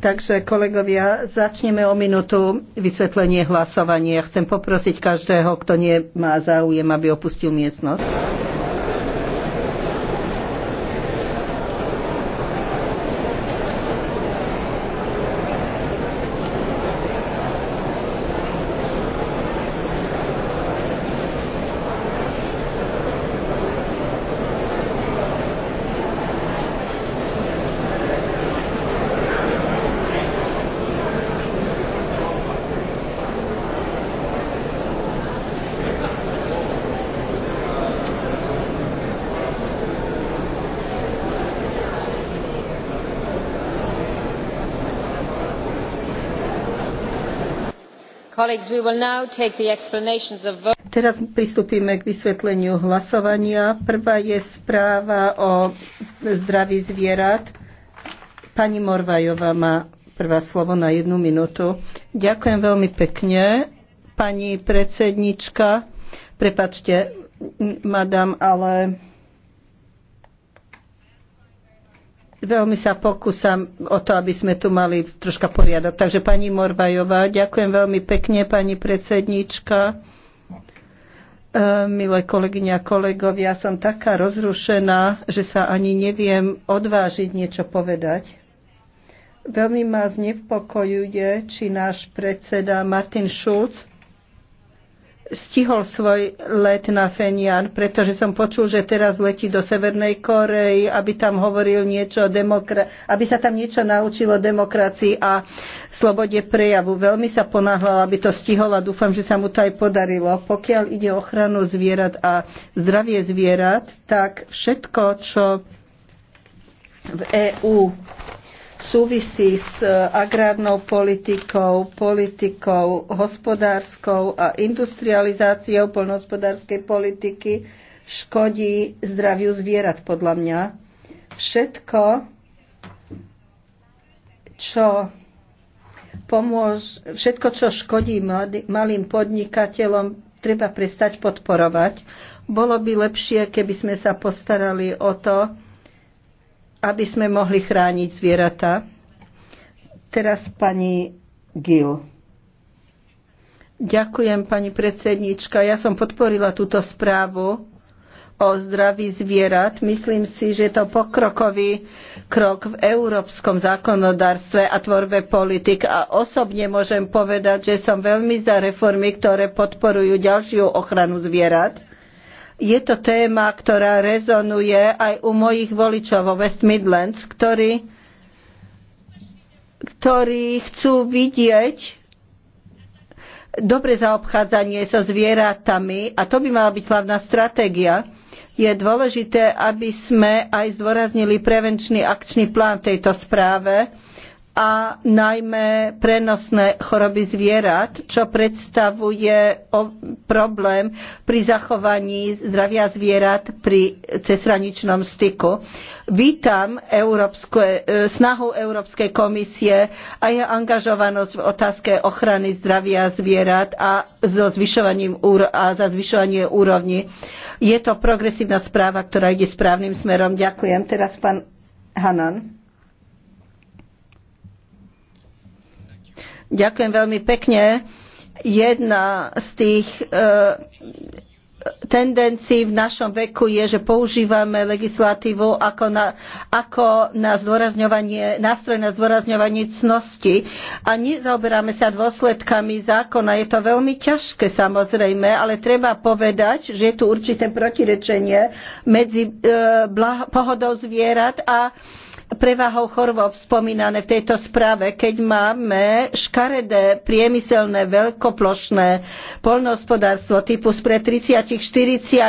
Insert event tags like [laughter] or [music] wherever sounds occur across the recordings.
Takže kolegovia, začneme o minútu vysvetlenie hlasovania. Chcem poprosiť každého, kto nemá záujem, aby opustil miestnosť. Teraz pristúpime k vysvetleniu hlasovania. Prvá je správa o zdraví zvierat. Pani Morvajová má prvá slovo na jednu minútu. Ďakujem veľmi pekne. Pani predsednička, prepačte, madam, ale Veľmi sa pokúsam o to, aby sme tu mali troška poriadok. Takže pani Morvajová, ďakujem veľmi pekne, pani predsednička. E, milé kolegyňa a kolegovia, som taká rozrušená, že sa ani neviem odvážiť niečo povedať. Veľmi ma znepokojuje, či náš predseda Martin Schulz stihol svoj let na Fenian, pretože som počul, že teraz letí do Severnej Korei, aby tam hovoril niečo o demokra- aby sa tam niečo naučilo o demokracii a slobode prejavu. Veľmi sa ponáhľal, aby to stihol a dúfam, že sa mu to aj podarilo. Pokiaľ ide o ochranu zvierat a zdravie zvierat, tak všetko, čo v EÚ súvisí s e, agrárnou politikou, politikou hospodárskou a industrializáciou poľnohospodárskej politiky, škodí zdraviu zvierat podľa mňa. Všetko, čo pomôž, všetko, čo škodí mladý, malým podnikateľom, treba prestať podporovať. Bolo by lepšie, keby sme sa postarali o to, aby sme mohli chrániť zvieratá. Teraz pani Gil. Ďakujem, pani predsednička. Ja som podporila túto správu o zdraví zvierat. Myslím si, že je to pokrokový krok v európskom zákonodárstve a tvorbe politik. A osobne môžem povedať, že som veľmi za reformy, ktoré podporujú ďalšiu ochranu zvierat je to téma, ktorá rezonuje aj u mojich voličov vo West Midlands, ktorí, ktorí chcú vidieť dobre zaobchádzanie so zvieratami a to by mala byť hlavná stratégia. Je dôležité, aby sme aj zdôraznili prevenčný akčný plán v tejto správe, a najmä prenosné choroby zvierat, čo predstavuje problém pri zachovaní zdravia zvierat pri cezhraničnom styku. Vítam Európske, e, snahu Európskej komisie a jeho angažovanosť v otázke ochrany zdravia zvierat a, so zvyšovaním, a za zvyšovanie úrovni. Je to progresívna správa, ktorá ide správnym smerom. Ďakujem. Teraz pán Hanan. Ďakujem veľmi pekne. Jedna z tých e, tendencií v našom veku je, že používame legislatívu ako na, ako na zdôrazňovanie, nástroj na zdôrazňovanie cnosti a nezaoberáme sa dôsledkami zákona. Je to veľmi ťažké samozrejme, ale treba povedať, že je tu určité protirečenie medzi e, pohodou zvierat a prevahou chorôb spomínané v tejto správe, keď máme škaredé priemyselné veľkoplošné poľnohospodárstvo typu spred 30-40 e,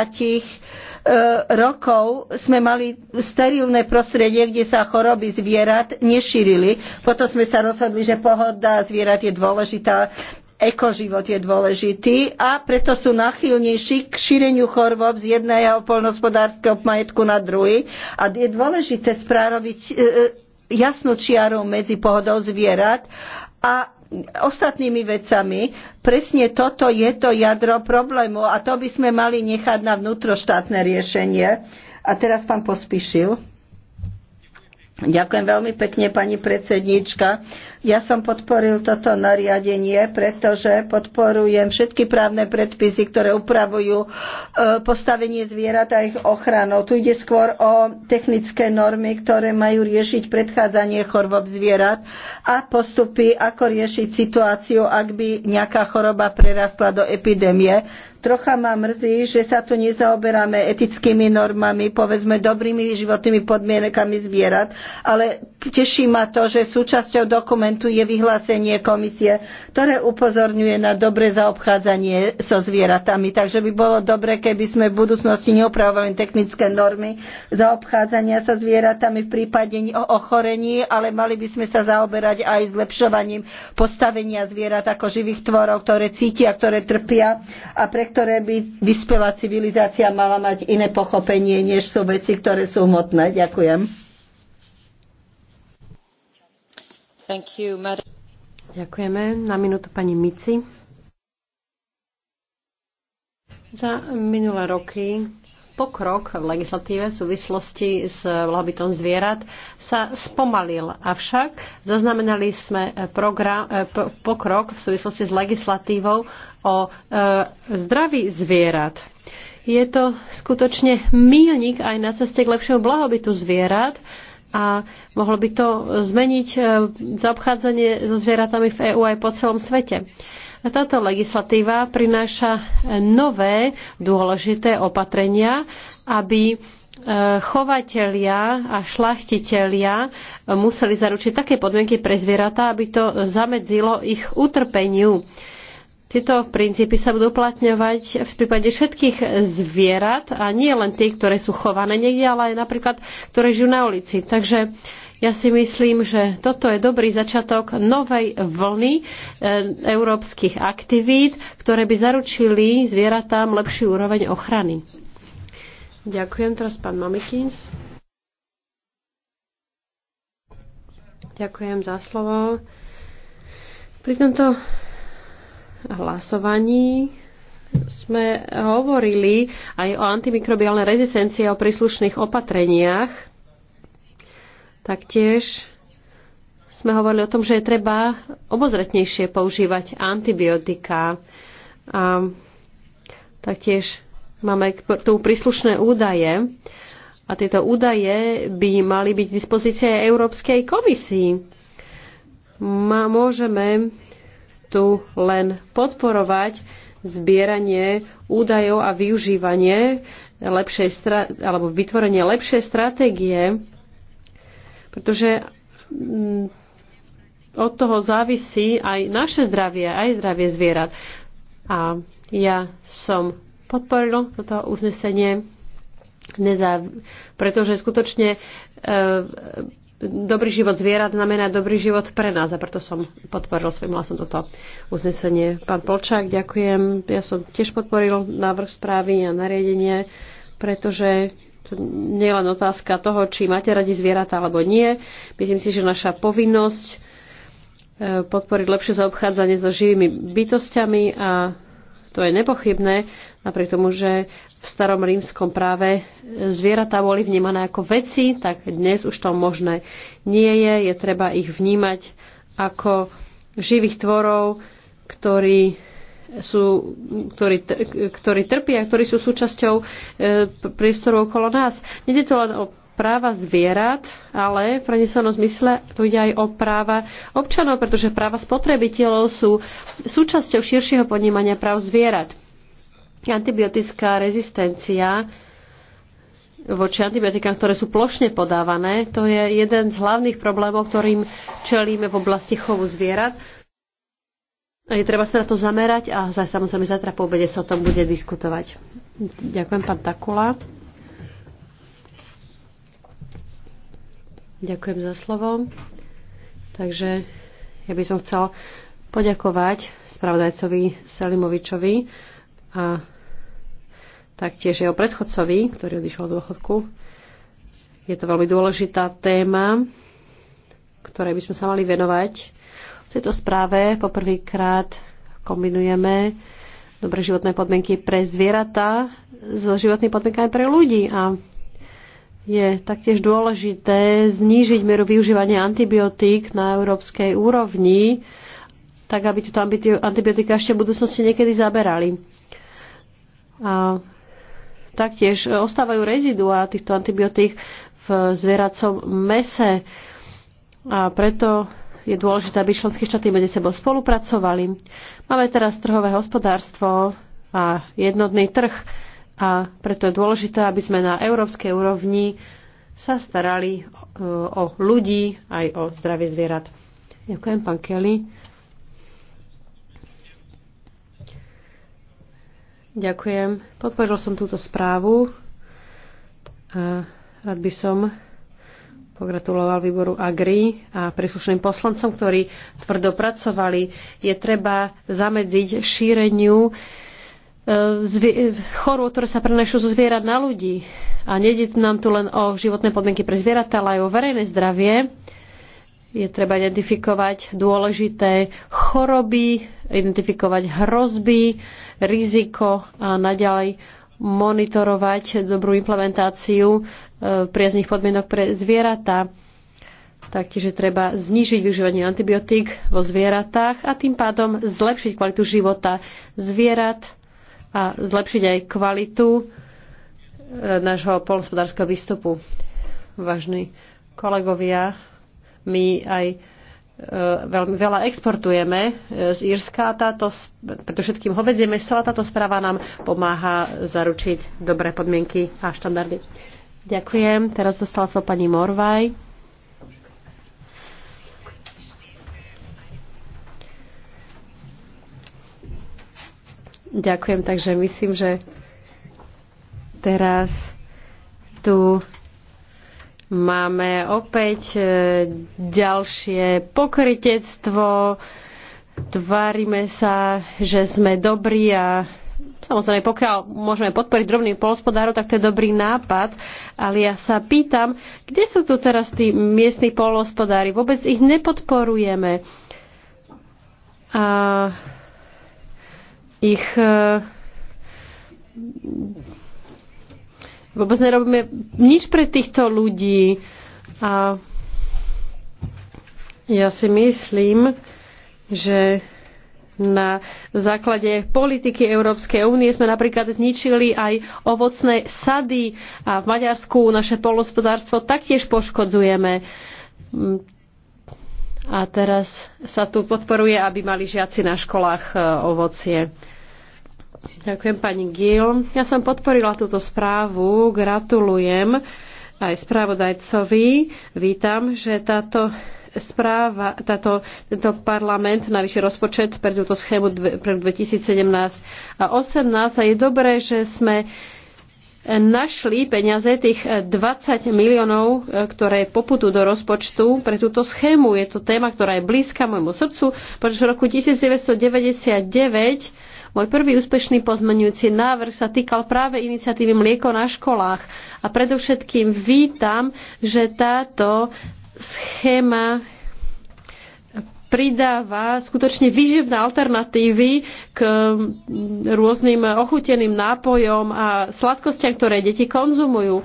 rokov sme mali sterilné prostredie, kde sa choroby zvierat nešírili. Potom sme sa rozhodli, že pohoda zvierat je dôležitá ekoživot je dôležitý a preto sú nachylnejší k šíreniu chorôb z jedného poľnohospodárskeho majetku na druhý. A je dôležité sprároviť e, e, jasnú čiaru medzi pohodou zvierat a ostatnými vecami. Presne toto je to jadro problému a to by sme mali nechať na vnútroštátne riešenie. A teraz pán pospíšil. Ďakujem veľmi pekne, pani predsednička. Ja som podporil toto nariadenie, pretože podporujem všetky právne predpisy, ktoré upravujú e, postavenie zvierat a ich ochranou. Tu ide skôr o technické normy, ktoré majú riešiť predchádzanie chorob zvierat a postupy, ako riešiť situáciu, ak by nejaká choroba prerastla do epidémie. Trocha ma mrzí, že sa tu nezaoberáme etickými normami, povedzme dobrými životnými podmienkami zvierat, ale teší ma to, že súčasťou dokumentu je vyhlásenie komisie, ktoré upozorňuje na dobre zaobchádzanie so zvieratami. Takže by bolo dobre, keby sme v budúcnosti neopravovali technické normy zaobchádzania so zvieratami v prípade ochorení, ale mali by sme sa zaoberať aj zlepšovaním postavenia zvierat ako živých tvorov, ktoré cítia, ktoré trpia a pre ktoré by vyspelá civilizácia mala mať iné pochopenie, než sú veci, ktoré sú hmotné. Ďakujem. Thank you, Ďakujeme. Na minútu pani Mici. Za minulé roky pokrok v legislatíve v súvislosti s blahobytom zvierat sa spomalil. Avšak zaznamenali sme eh, program, eh, pokrok v súvislosti s legislatívou o eh, zdraví zvierat. Je to skutočne mílnik aj na ceste k lepšiemu blahobytu zvierat a mohlo by to zmeniť zaobchádzanie so zvieratami v EÚ aj po celom svete. Táto legislatíva prináša nové dôležité opatrenia, aby e, chovatelia a šlachtitelia museli zaručiť také podmienky pre zvieratá, aby to zamedzilo ich utrpeniu. Tieto princípy sa budú uplatňovať v prípade všetkých zvierat a nie len tých, ktoré sú chované niekde, ale aj napríklad, ktoré žijú na ulici. Takže ja si myslím, že toto je dobrý začiatok novej vlny eh, európskych aktivít, ktoré by zaručili zvieratám lepší úroveň ochrany. Ďakujem teraz pán Mamikins. Ďakujem za slovo. Pri tomto hlasovaní sme hovorili aj o antimikrobiálnej rezistencii a o príslušných opatreniach Taktiež sme hovorili o tom, že je treba obozretnejšie používať antibiotika. A taktiež máme tu príslušné údaje a tieto údaje by mali byť v dispozícii Európskej komisii. Môžeme tu len podporovať zbieranie údajov a využívanie lepšej alebo vytvorenie lepšej stratégie pretože mm, od toho závisí aj naše zdravie, aj zdravie zvierat. A ja som podporil toto uznesenie, nezáv- pretože skutočne e, dobrý život zvierat znamená dobrý život pre nás a preto som podporil svojim hlasom toto uznesenie. Pán Polčák, ďakujem. Ja som tiež podporil návrh správy a nariadenie, pretože to nie je len otázka toho, či máte radi zvieratá alebo nie. Myslím si, že naša povinnosť e, podporiť lepšie zaobchádzanie so živými bytostiami a to je nepochybné, napriek tomu, že v starom rímskom práve zvieratá boli vnímané ako veci, tak dnes už to možné nie je. Je treba ich vnímať ako živých tvorov, ktorí sú, ktorí, ktorí trpia, ktorí sú súčasťou e, priestoru okolo nás. Nede to len o práva zvierat, ale v prenesenom zmysle tu ide aj o práva občanov, pretože práva spotrebiteľov sú súčasťou širšieho ponímania práv zvierat. Antibiotická rezistencia voči antibiotikám, ktoré sú plošne podávané, to je jeden z hlavných problémov, ktorým čelíme v oblasti chovu zvierat No je treba sa na to zamerať a za, samozrejme zatra po obede sa o tom bude diskutovať. Ďakujem, pán Takula. Ďakujem za slovo. Takže ja by som chcel poďakovať spravodajcovi Selimovičovi a taktiež jeho predchodcovi, ktorý odišiel do dôchodku. Je to veľmi dôležitá téma, ktorej by sme sa mali venovať v tejto správe poprvýkrát kombinujeme dobré životné podmienky pre zvieratá so životnými podmienkami pre ľudí a je taktiež dôležité znížiť mieru využívania antibiotík na európskej úrovni, tak aby tieto antibiotika ešte v budúcnosti niekedy zaberali. A taktiež ostávajú reziduá týchto antibiotík v zvieracom mese a preto je dôležité, aby členské štáty medzi sebou spolupracovali. Máme teraz trhové hospodárstvo a jednotný trh a preto je dôležité, aby sme na európskej úrovni sa starali e, o ľudí aj o zdravie zvierat. Ďakujem, pán Kelly. Ďakujem. Podporil som túto správu. A rád by som pogratuloval výboru Agri a príslušným poslancom, ktorí tvrdo pracovali. Je treba zamedziť šíreniu e, chorú, ktoré sa prenašajú zo zvierat na ľudí. A nejde nám tu len o životné podmienky pre zvieratá, ale aj o verejné zdravie. Je treba identifikovať dôležité choroby, identifikovať hrozby, riziko a naďalej monitorovať dobrú implementáciu e, priaznych podmienok pre zvieratá. Taktiež je treba znižiť využívanie antibiotík vo zvieratách a tým pádom zlepšiť kvalitu života zvierat a zlepšiť aj kvalitu e, nášho polnospodárskeho výstupu. Vážni kolegovia, my aj E, veľmi veľa exportujeme e, z Írska, táto, preto všetkým hovedzie meso a táto správa nám pomáha zaručiť dobré podmienky a štandardy. Ďakujem. Teraz dostala sa pani Morvaj. Ďakujem, takže myslím, že teraz tu Máme opäť e, ďalšie pokrytectvo. tvárime sa, že sme dobrí a samozrejme, pokiaľ môžeme podporiť drobných polhospodárov, tak to je dobrý nápad, ale ja sa pýtam, kde sú tu teraz tí miestni polospodári? Vôbec ich nepodporujeme. A ich e, Vôbec nerobíme nič pre týchto ľudí. A ja si myslím, že na základe politiky Európskej únie sme napríklad zničili aj ovocné sady a v Maďarsku naše polospodárstvo taktiež poškodzujeme. A teraz sa tu podporuje, aby mali žiaci na školách e, ovocie. Ďakujem pani Gil. Ja som podporila túto správu, gratulujem aj správodajcovi. Vítam, že táto správa, táto, tento parlament vyšší rozpočet pre túto schému pre 2017 a 18 a je dobré, že sme našli peniaze tých 20 miliónov, ktoré poputu do rozpočtu pre túto schému. Je to téma, ktorá je blízka môjmu srdcu, pretože v roku 1999 môj prvý úspešný pozmenujúci návrh sa týkal práve iniciatívy Mlieko na školách a predovšetkým vítam, že táto schéma pridáva skutočne výživné alternatívy k rôznym ochuteným nápojom a sladkostiam, ktoré deti konzumujú.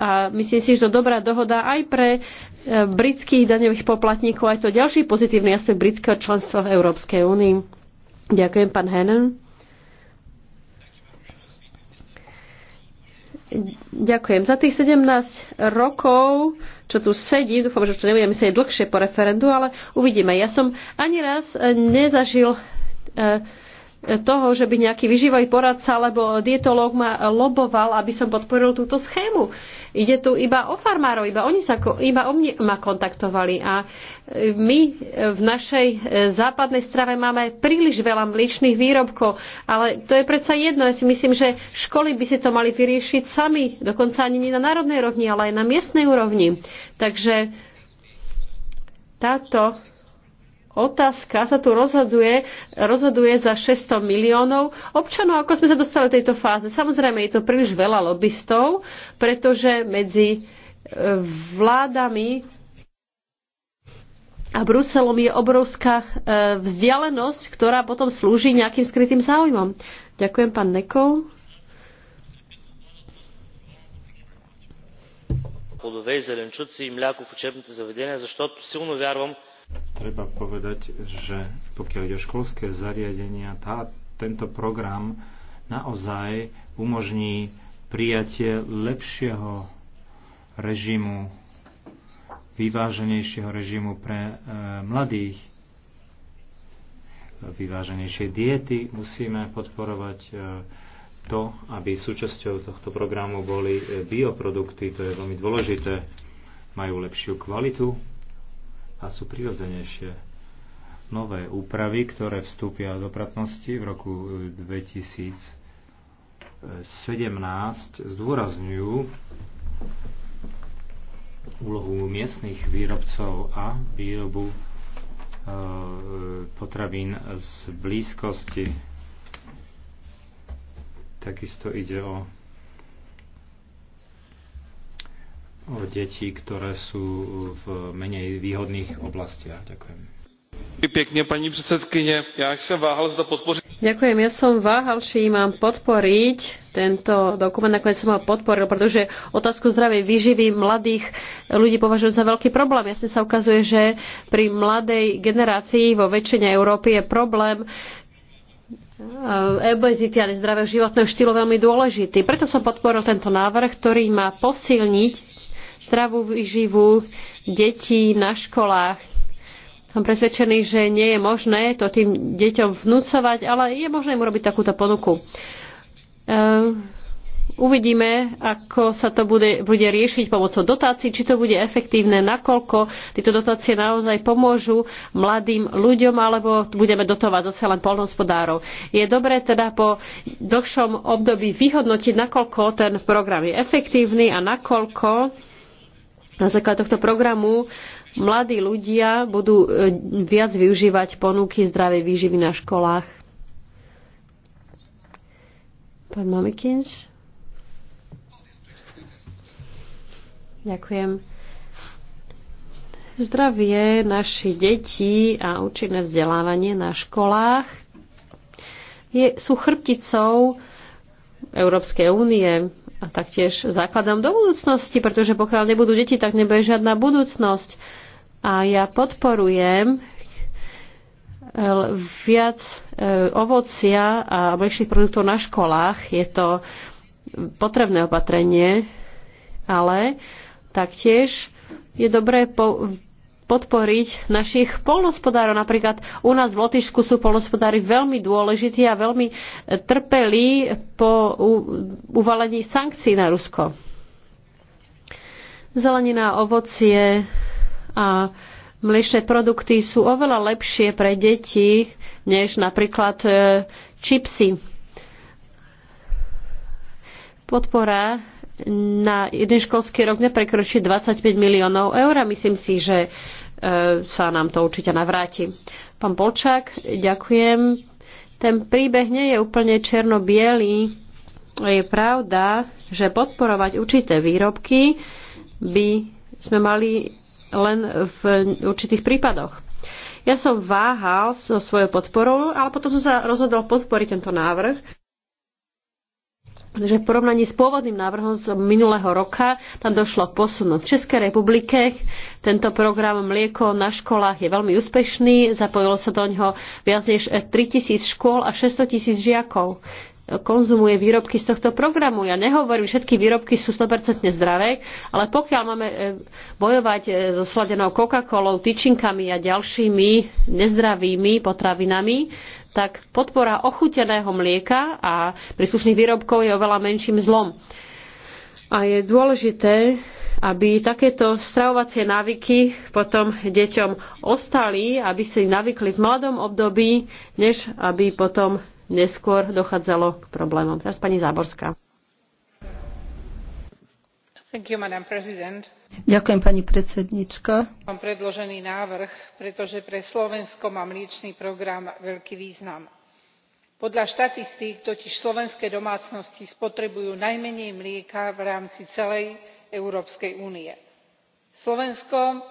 A myslím si, že to dobrá dohoda aj pre e, britských daňových poplatníkov, aj to ďalší pozitívny aspekt britského členstva v Európskej únii. Ďakujem, pán Henen. Ďakujem. Za tých 17 rokov, čo tu sedím, dúfam, že už to nebudem myslieť dlhšie po referendu, ale uvidíme. Ja som ani raz nezažil uh, toho, že by nejaký vyživový poradca alebo dietológ ma loboval, aby som podporil túto schému. Ide tu iba o farmárov, iba oni sa, iba o mne ma kontaktovali. A e, my e, v našej e, západnej strave máme príliš veľa mliečných výrobkov, ale to je predsa jedno. Ja si myslím, že školy by si to mali vyriešiť sami, dokonca ani nie na národnej rovni, ale aj na miestnej úrovni. Takže táto otázka sa tu rozhoduje, rozhoduje za 600 miliónov občanov, ako sme sa dostali do tejto fáze. Samozrejme, je to príliš veľa lobbystov, pretože medzi e, vládami a Bruselom je obrovská e, vzdialenosť, ktorá potom slúži nejakým skrytým záujmom. Ďakujem, pán Nekov. плодове и зеленчуци и мляко в учебните заведения, защото силно вярвам, Treba povedať, že pokiaľ ide o školské zariadenia, tá, tento program naozaj umožní prijatie lepšieho režimu, vyváženejšieho režimu pre e, mladých, vyváženejšej diety. Musíme podporovať e, to, aby súčasťou tohto programu boli e, bioprodukty, to je veľmi dôležité, majú lepšiu kvalitu a sú prirodzenejšie. Nové úpravy, ktoré vstúpia do platnosti v roku 2017, eh, zdôrazňujú úlohu miestnych výrobcov a výrobu eh, potravín z blízkosti. Takisto ide o o deti, ktoré sú v menej výhodných oblastiach. Ďakujem. Pekne, pani predsedkyne. Ja som váhal, zda podporiť. Ďakujem, ja som váhal, či mám podporiť tento dokument, nakoniec som ho podporil, pretože otázku zdravej výživy mladých ľudí považujú za veľký problém. Jasne sa ukazuje, že pri mladej generácii vo väčšine Európy je problém eh, obezity a nezdravého životného štýlu veľmi dôležitý. Preto som podporil tento návrh, ktorý má posilniť zdravú výživu detí na školách. Som presvedčený, že nie je možné to tým deťom vnúcovať, ale je možné im urobiť takúto ponuku. Ehm, uvidíme, ako sa to bude, bude riešiť pomocou dotácií, či to bude efektívne, nakoľko tieto dotácie naozaj pomôžu mladým ľuďom, alebo budeme dotovať zase len polnohospodárov. Je dobré teda po dlhšom období vyhodnotiť, nakoľko ten program je efektívny a nakoľko na základe tohto programu mladí ľudia budú e, viac využívať ponuky zdravej výživy na školách. Pán Mamikins. Ďakujem. Zdravie našich detí a účinné vzdelávanie na školách je, sú chrbticou Európskej únie a taktiež základom do budúcnosti, pretože pokiaľ nebudú deti, tak nebude žiadna budúcnosť. A ja podporujem eh, viac eh, ovocia a mliečných produktov na školách. Je to potrebné opatrenie, ale taktiež je dobré podporiť našich polnospodárov. Napríklad u nás v Lotyšsku sú polnospodári veľmi dôležití a veľmi e, trpelí po uvalení sankcií na Rusko. Zelenina, ovocie a mliečne produkty sú oveľa lepšie pre deti než napríklad e, čipsy. Podpora na jeden školský rok neprekročí 25 miliónov eur a myslím si, že e, sa nám to určite navráti. Pán Polčák, ďakujem. Ten príbeh nie je úplne černo-bielý. Je pravda, že podporovať určité výrobky by sme mali len v určitých prípadoch. Ja som váhal so svojou podporou, ale potom som sa rozhodol podporiť tento návrh, že v porovnaní s pôvodným návrhom z minulého roka tam došlo k posunu. V Českej republike tento program Mlieko na školách je veľmi úspešný, zapojilo sa do ňoho viac než 3000 škôl a 600 tisíc žiakov konzumuje výrobky z tohto programu. Ja nehovorím, všetky výrobky sú 100% zdravé, ale pokiaľ máme e, bojovať e, so sladenou Coca-Colou, tyčinkami a ďalšími nezdravými potravinami, tak podpora ochuteného mlieka a príslušných výrobkov je oveľa menším zlom. A je dôležité, aby takéto stravovacie návyky potom deťom ostali, aby si navykli v mladom období, než aby potom neskôr dochádzalo k problémom. Teraz pani Záborská. Ďakujem, pani predsedníčka. Som predložený návrh, pretože pre Slovensko má mliečny program veľký význam. Podľa štatistík totiž slovenské domácnosti spotrebujú najmenej mlieka v rámci celej Európskej únie. Slovensku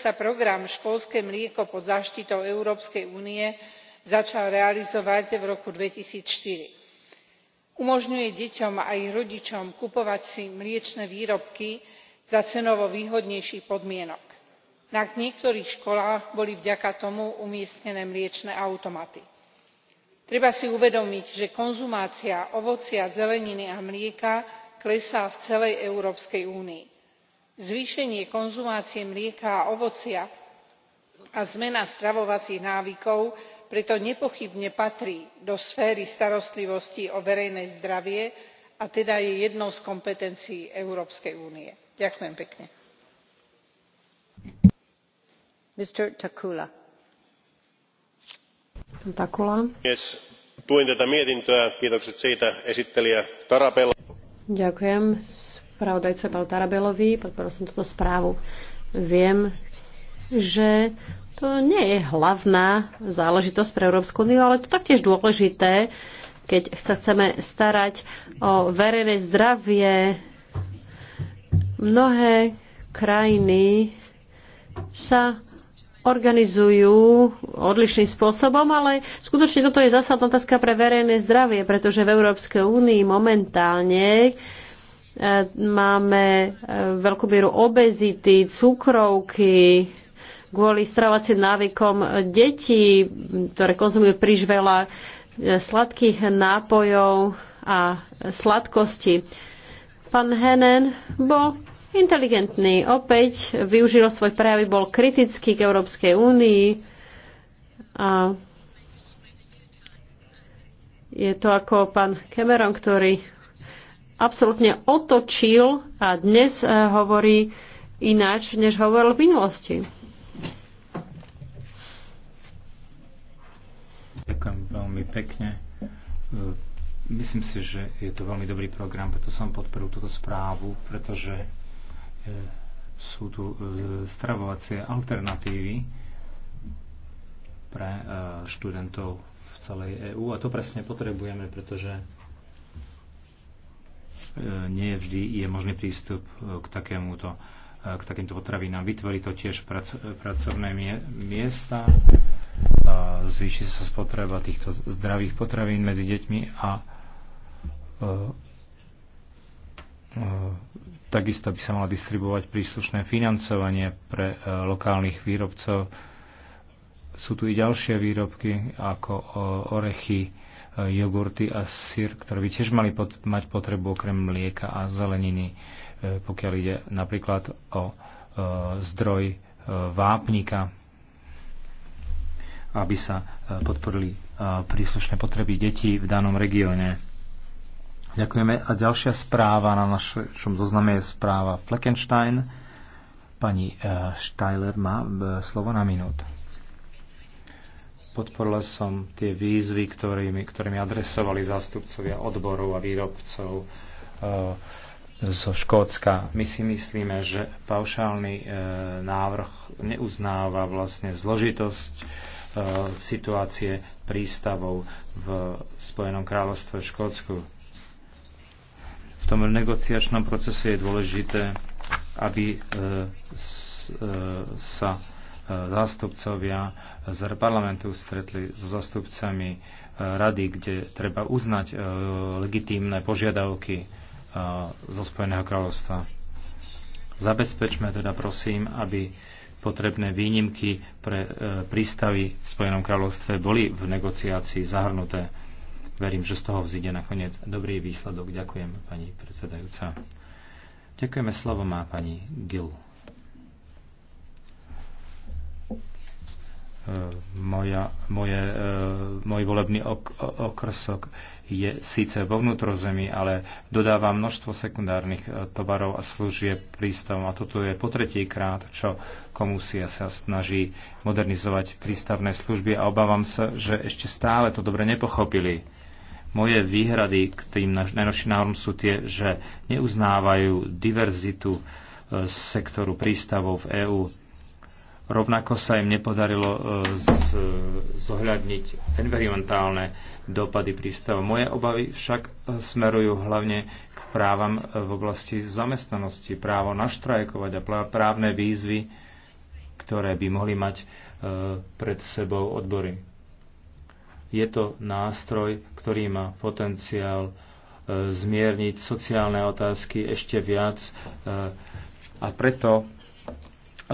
sa program Školské mlieko pod záštitou Európskej únie začal realizovať v roku two thousand and four umožňuje deťom a ich rodičom kupovať si mliečne výrobky za cenovo výhodnejších podmienok. na niektorých školách boli vďaka tomu umiestnené mliečne automaty. treba si uvedomiť že konzumácia ovocia zeleniny a mlieka klesá v celej európskej únii. zvýšenie konzumácie mlieka a ovocia a zmena stravovacích návykov preto nepochybne patrí do sféry starostlivosti o verejné zdravie a teda je jednou z kompetencií európskej únie. ďakujem pekne. arvoisa tätä mietintöä. kiitokset siitä esittelijä tarabella. ďakujem spravodajcovi pánu tarabellovi podporil som túto správu. viem že to nie je hlavná záležitosť pre Európsku úniu, ale to taktiež dôležité, keď sa chceme starať o verejné zdravie. Mnohé krajiny sa organizujú odlišným spôsobom, ale skutočne toto je zásadná otázka pre verejné zdravie, pretože v Európskej únii momentálne e, máme e, veľkú mieru obezity, cukrovky, kvôli stravacím návykom detí, ktoré konzumujú príliš veľa e, sladkých nápojov a sladkosti. Pán Henen bol inteligentný. Opäť využil svoj prejavy, bol kritický k Európskej únii a je to ako pán Cameron, ktorý absolútne otočil a dnes e, hovorí ináč, než hovoril v minulosti. veľmi pekne. E, myslím si, že je to veľmi dobrý program, preto som podporil túto správu, pretože e, sú tu e, stravovacie alternatívy pre študentov v celej EÚ a to presne potrebujeme, pretože nie vždy je možný prístup k takémuto k takýmto potravinám. Vytvorí to tiež pracovné miesta zvýši sa spotreba týchto zdravých potravín medzi deťmi a e, e, takisto by sa mala distribuovať príslušné financovanie pre e, lokálnych výrobcov. Sú tu i ďalšie výrobky ako orechy, jogurty a syr, ktoré by tiež mali pot- mať potrebu okrem mlieka a zeleniny, pokiaľ ide napríklad o zdroj vápnika aby sa e, podporili e, príslušné potreby detí v danom regióne. Ďakujeme. A ďalšia správa na našom zozname je správa Fleckenstein. Pani e, Steiler má slovo na minút. Podporila som tie výzvy, ktorými, ktorými adresovali zástupcovia odborov a výrobcov zo Škótska. My si myslíme, že paušálny návrh neuznáva vlastne zložitosť E, situácie prístavov v Spojenom kráľovstve v Škótsku. V tom negociačnom procese je dôležité, aby e, e, sa zástupcovia z parlamentu stretli so zástupcami rady, kde treba uznať legitímne požiadavky zo Spojeného kráľovstva. Zabezpečme teda prosím, aby potrebné výnimky pre e, prístavy v Spojenom kráľovstve boli v negociácii zahrnuté. Verím, že z toho vzíde nakoniec dobrý výsledok. Ďakujem, pani predsedajúca. Ďakujeme, slovo má pani Gill. E, moja, moje, e, môj volebný ok, okrsok je síce vo vnútrozemí, ale dodáva množstvo sekundárnych e, tovarov a služieb prístavom. A toto je po tretíkrát, čo komusia sa snaží modernizovať prístavné služby a obávam sa, že ešte stále to dobre nepochopili. Moje výhrady k tým najnovším návrhom sú tie, že neuznávajú diverzitu e, sektoru prístavov v EÚ Rovnako sa im nepodarilo e, zohľadniť environmentálne dopady prístavu. Moje obavy však e, smerujú hlavne k právam e, v oblasti zamestnanosti, právo naštrajkovať a právne výzvy, ktoré by mohli mať pred sebou odbory. Je to nástroj, ktorý má potenciál zmierniť sociálne otázky ešte viac a preto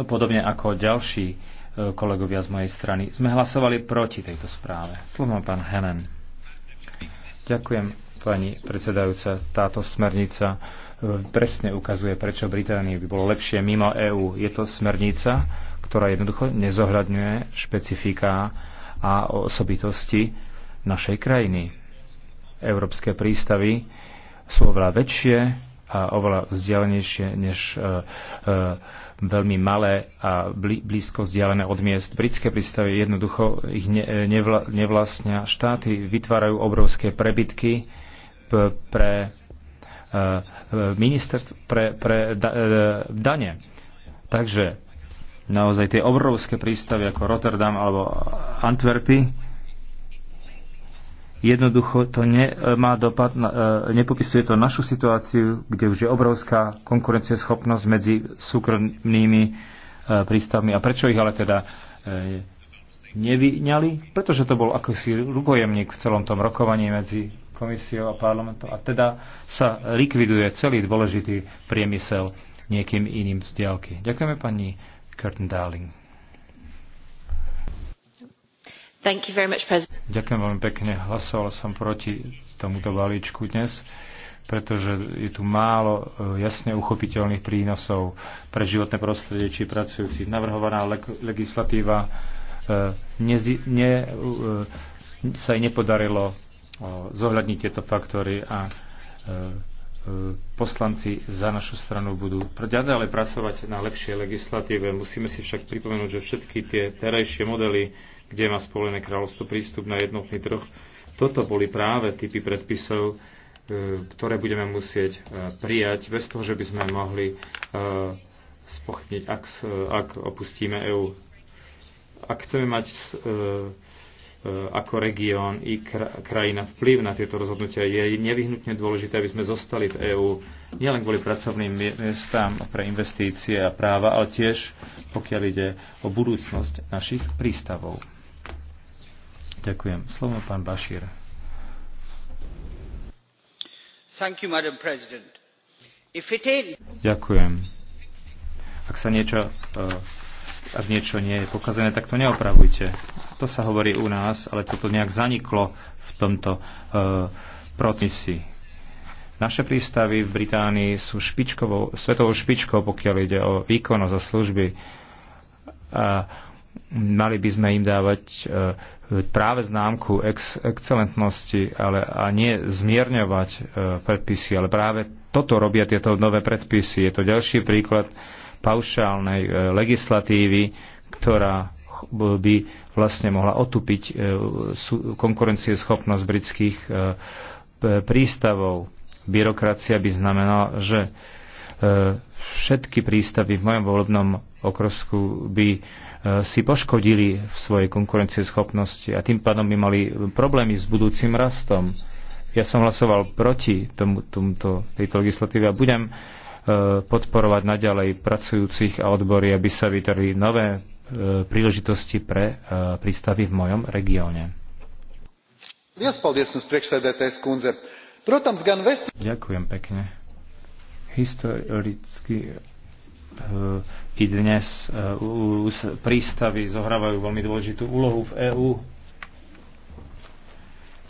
podobne ako ďalší e, kolegovia z mojej strany, sme hlasovali proti tejto správe. Slovo má pán Henen. Ďakujem, pani predsedajúca. Táto smernica e, presne ukazuje, prečo Británii by bolo lepšie mimo EÚ. Je to smernica, ktorá jednoducho nezohľadňuje špecifiká a osobitosti našej krajiny. Európske prístavy sú oveľa väčšie, a oveľa vzdialenejšie než e, e, veľmi malé a blízko vzdialené od miest. Britské prístavy jednoducho ich e, nevla, nevlastnia. Štáty vytvárajú obrovské prebytky pre, ministerstvo pre, pre dane. Takže naozaj tie obrovské prístavy ako Rotterdam alebo Antwerpy Jednoducho to ne, e, má dopad, e, nepopisuje to našu situáciu, kde už je obrovská konkurencieschopnosť medzi súkromnými e, prístavmi. A prečo ich ale teda nevyňali? Pretože to bol akýsi rukojemník v celom tom rokovaní medzi komisiou a parlamentom. A teda sa likviduje celý dôležitý priemysel niekým iným z diálky. Ďakujeme pani Curtin Darling. Ďakujem veľmi pekne. Hlasoval som proti tomuto balíčku dnes, pretože je tu málo eh, jasne uchopiteľných prínosov pre životné prostredie či pracujúcich. Navrhovaná legislatíva eh, ne, ne, eh, sa jej nepodarilo zohľadniť tieto faktory a poslanci za našu stranu budú ale pracovať na lepšej legislatíve. Musíme si však pripomenúť, že všetky tie terajšie modely, kde má Spojené kráľovstvo prístup na jednotný trh, toto boli práve typy predpisov, e, ktoré budeme musieť e, prijať bez toho, že by sme mohli e, spochniť, ak opustíme EÚ. Ak chceme mať E, ako región i krajina vplyv na tieto rozhodnutia. Je nevyhnutne dôležité, aby sme zostali v EÚ nielen kvôli pracovným miestám pre investície a práva, ale tiež pokiaľ ide o budúcnosť našich prístavov. Ďakujem. Slovo pán Bašír. You, Ďakujem. Ak sa niečo uh, ak niečo nie je pokazené, tak to neopravujte. To sa hovorí u nás, ale toto nejak zaniklo v tomto e, procesi. Naše prístavy v Británii sú špičkovou, svetovou špičkou, pokiaľ ide o výkonnosť a služby. A mali by sme im dávať e, práve známku ex- excelentnosti, ale a nie zmierňovať e, predpisy, ale práve toto robia tieto nové predpisy. Je to ďalší príklad paušálnej e, legislatívy, ktorá by vlastne mohla otupiť e, konkurencieschopnosť britských e, prístavov. Byrokracia by znamenala, že všetky prístavy v mojom volebnom okresku by si poškodili v svojej konkurencieschopnosti a tým pádom by mali problémy s budúcim rastom. Ja som hlasoval proti tomu, tomuto, tejto legislatíve a budem podporovať naďalej pracujúcich a odbory, aby sa vytvorili nové e, príležitosti pre e, prístavy v mojom regióne. Ďakujem pekne. Historicky e, i dnes prístavy zohrávajú veľmi dôležitú úlohu v EÚ.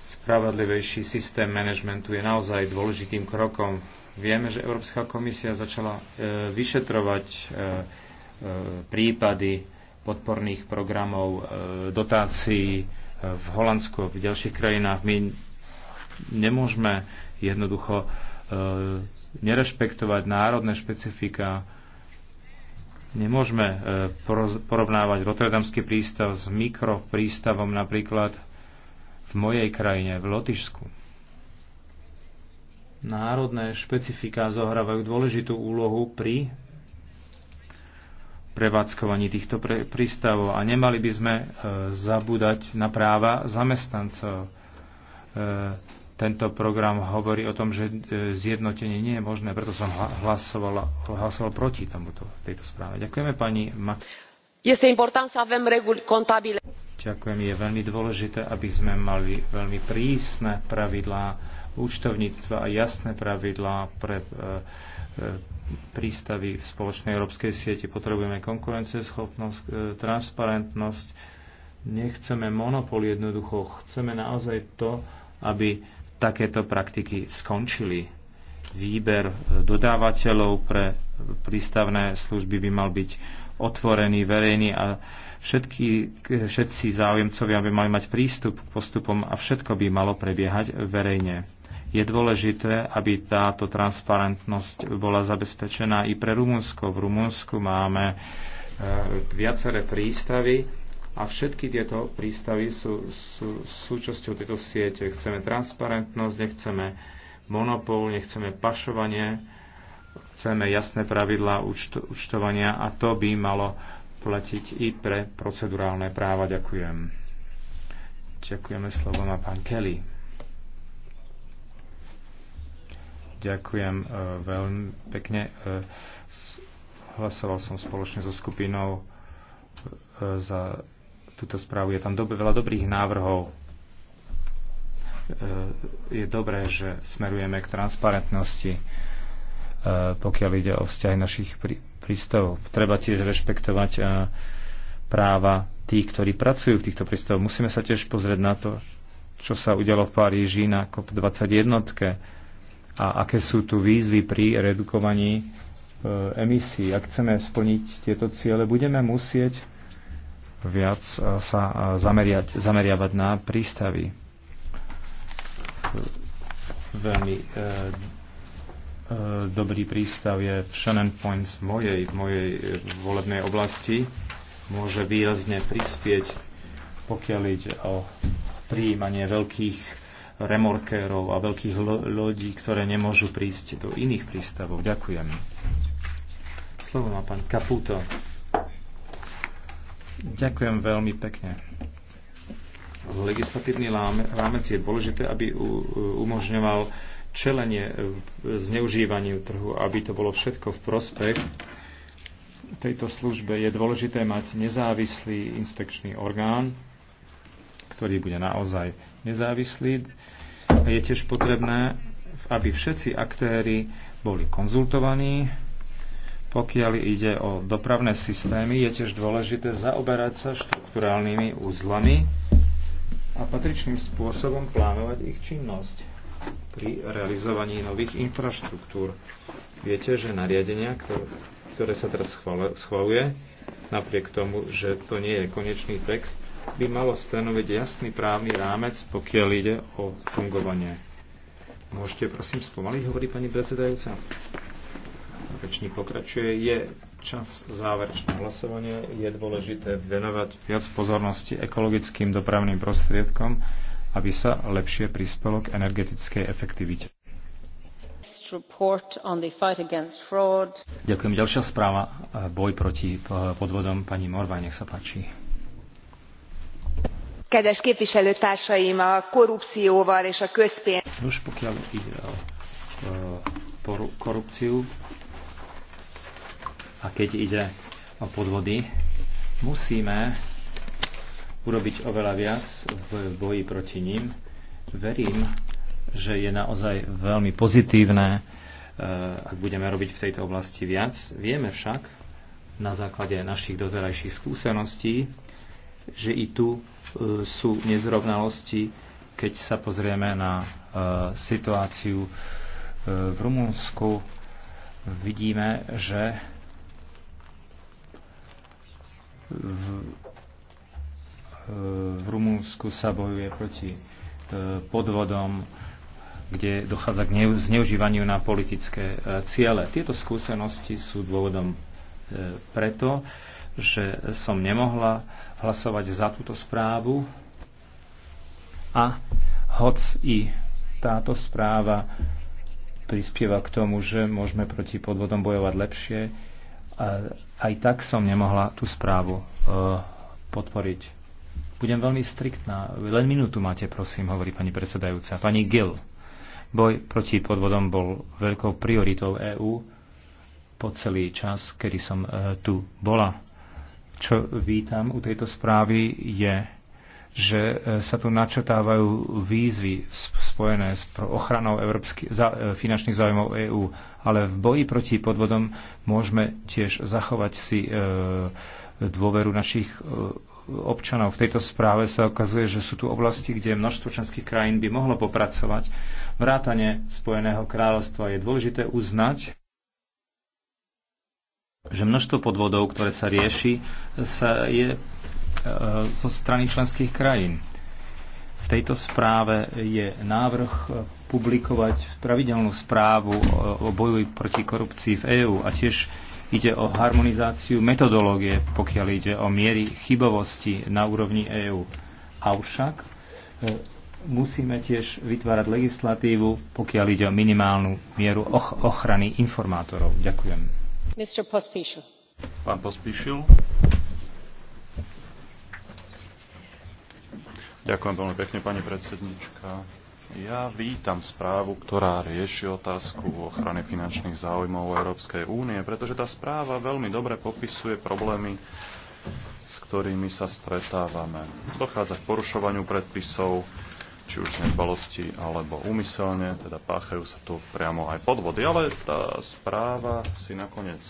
Spravodlivejší systém manažmentu je naozaj dôležitým krokom Vieme, že Európska komisia začala e, vyšetrovať e, e, prípady podporných programov dotácií v Holandsku, a v ďalších krajinách. My nemôžeme jednoducho nerešpektovať národné špecifika. Nemôžeme porovnávať Rotterdamský prístav s mikroprístavom napríklad v mojej krajine, v Lotyšsku národné špecifiká zohrávajú dôležitú úlohu pri prevádzkovaní týchto pre, prístavov a nemali by sme e, zabúdať na práva zamestnancov. E, tento program hovorí o tom, že e, zjednotenie nie je možné, preto som hlasoval, hlasoval proti tomuto, tejto správe. Ďakujeme pani Mak. Este important să avem reguli contabile. Ďakujem, je veľmi dôležité, aby sme mali veľmi prísne pravidlá účtovníctva a jasné pravidlá pre e, e, prístavy v spoločnej európskej siete Potrebujeme konkurencieschopnosť, e, transparentnosť, nechceme monopol jednoducho, chceme naozaj to, aby takéto praktiky skončili. Výber dodávateľov pre prístavné služby by mal byť otvorený, verejný a všetky, všetci záujemcovia by mali mať prístup k postupom a všetko by malo prebiehať verejne. Je dôležité, aby táto transparentnosť bola zabezpečená i pre Rumunsko. V Rumunsku máme e, viaceré prístavy a všetky tieto prístavy sú, sú súčasťou tejto siete. Chceme transparentnosť, nechceme monopol, nechceme pašovanie, Chceme jasné pravidlá účtovania a to by malo platiť i pre procedurálne práva. Ďakujem. Ďakujeme slovo na pán Kelly. Ďakujem e, veľmi pekne. E, s, hlasoval som spoločne so skupinou e, za túto správu. Je tam dobe, veľa dobrých návrhov. E, je dobré, že smerujeme k transparentnosti. E, E, pokiaľ ide o vzťahy našich prístavov. Treba tiež rešpektovať e, práva tých, ktorí pracujú v týchto prístavoch. Musíme sa tiež pozrieť na to, čo sa udialo v Paríži na COP21 a aké sú tu výzvy pri redukovaní e, emisí. Ak chceme splniť tieto ciele, budeme musieť viac sa zameriať, zameriavať na prístavy. Veľmi E, dobrý prístav je v Shannon Points v mojej, v mojej e, volebnej oblasti. Môže výrazne prispieť, pokiaľ ide o prijímanie veľkých remorkérov a veľkých lodí, ktoré nemôžu prísť do iných prístavov. Ďakujem. Slovo má pán Kaputo. Ďakujem veľmi pekne. Legislatívny rámec je dôležité, aby umožňoval čelenie zneužívaniu trhu, aby to bolo všetko v prospech tejto službe, je dôležité mať nezávislý inspekčný orgán, ktorý bude naozaj nezávislý. Je tiež potrebné, aby všetci aktéry boli konzultovaní. Pokiaľ ide o dopravné systémy, je tiež dôležité zaoberať sa štruktúrálnymi úzlami a patričným spôsobom plánovať ich činnosť pri realizovaní nových infraštruktúr. Viete, že nariadenia, ktoré, ktoré sa teraz schvaluje, napriek tomu, že to nie je konečný text, by malo stanoviť jasný právny rámec, pokiaľ ide o fungovanie. Môžete prosím spomaliť, hovorí pani predsedajúca. Rečník pokračuje. Je čas záverečné hlasovanie. Je dôležité venovať viac pozornosti ekologickým dopravným prostriedkom aby sa lepšie prispelo k energetickej efektivite. Ďakujem. Ďalšia správa, e, boj proti e, podvodom. Pani Morvaj, nech sa páči. Kedves képviselőtársaim, a korrupcióval és a közpénz... Nos, pokiaľ ide o e, korupciu a keď ide o podvody, musíme urobiť oveľa viac v boji proti ním. Verím, že je naozaj veľmi pozitívne, e, ak budeme robiť v tejto oblasti viac. Vieme však na základe našich doterajších skúseností, že i tu e, sú nezrovnalosti, keď sa pozrieme na e, situáciu v Rumunsku. Vidíme, že v Rumúnsku sa bojuje proti e, podvodom, kde dochádza k zneužívaniu na politické e, ciele. Tieto skúsenosti sú dôvodom e, preto, že som nemohla hlasovať za túto správu a hoc i táto správa prispieva k tomu, že môžeme proti podvodom bojovať lepšie, aj tak som nemohla tú správu podporiť. Budem veľmi striktná. Len minútu máte, prosím, hovorí pani predsedajúca. Pani Gill, boj proti podvodom bol veľkou prioritou EÚ po celý čas, kedy som e, tu bola. Čo vítam u tejto správy je, že e, sa tu načetávajú výzvy spojené s ochranou európsky, za, e, finančných záujmov EÚ, ale v boji proti podvodom môžeme tiež zachovať si e, dôveru našich občanov. V tejto správe sa ukazuje, že sú tu oblasti, kde množstvo členských krajín by mohlo popracovať. Vrátane Spojeného kráľovstva je dôležité uznať, že množstvo podvodov, ktoré sa rieši, sa je e, zo strany členských krajín. V tejto správe je návrh e, publikovať pravidelnú správu o boju proti korupcii v EÚ a tiež Ide o harmonizáciu metodológie, pokiaľ ide o miery chybovosti na úrovni EÚ. Avšak e, musíme tiež vytvárať legislatívu, pokiaľ ide o minimálnu mieru och- ochrany informátorov. Ďakujem. Mr. Pospíšil. Pán Pospíšil. Ďakujem veľmi pekne, pani predsednička ja vítam správu, ktorá rieši otázku ochrany finančných záujmov Európskej únie, pretože tá správa veľmi dobre popisuje problémy, s ktorými sa stretávame. Dochádza k porušovaniu predpisov, či už z nedbalosti alebo úmyselne, teda páchajú sa tu priamo aj podvody. Ale tá správa si nakoniec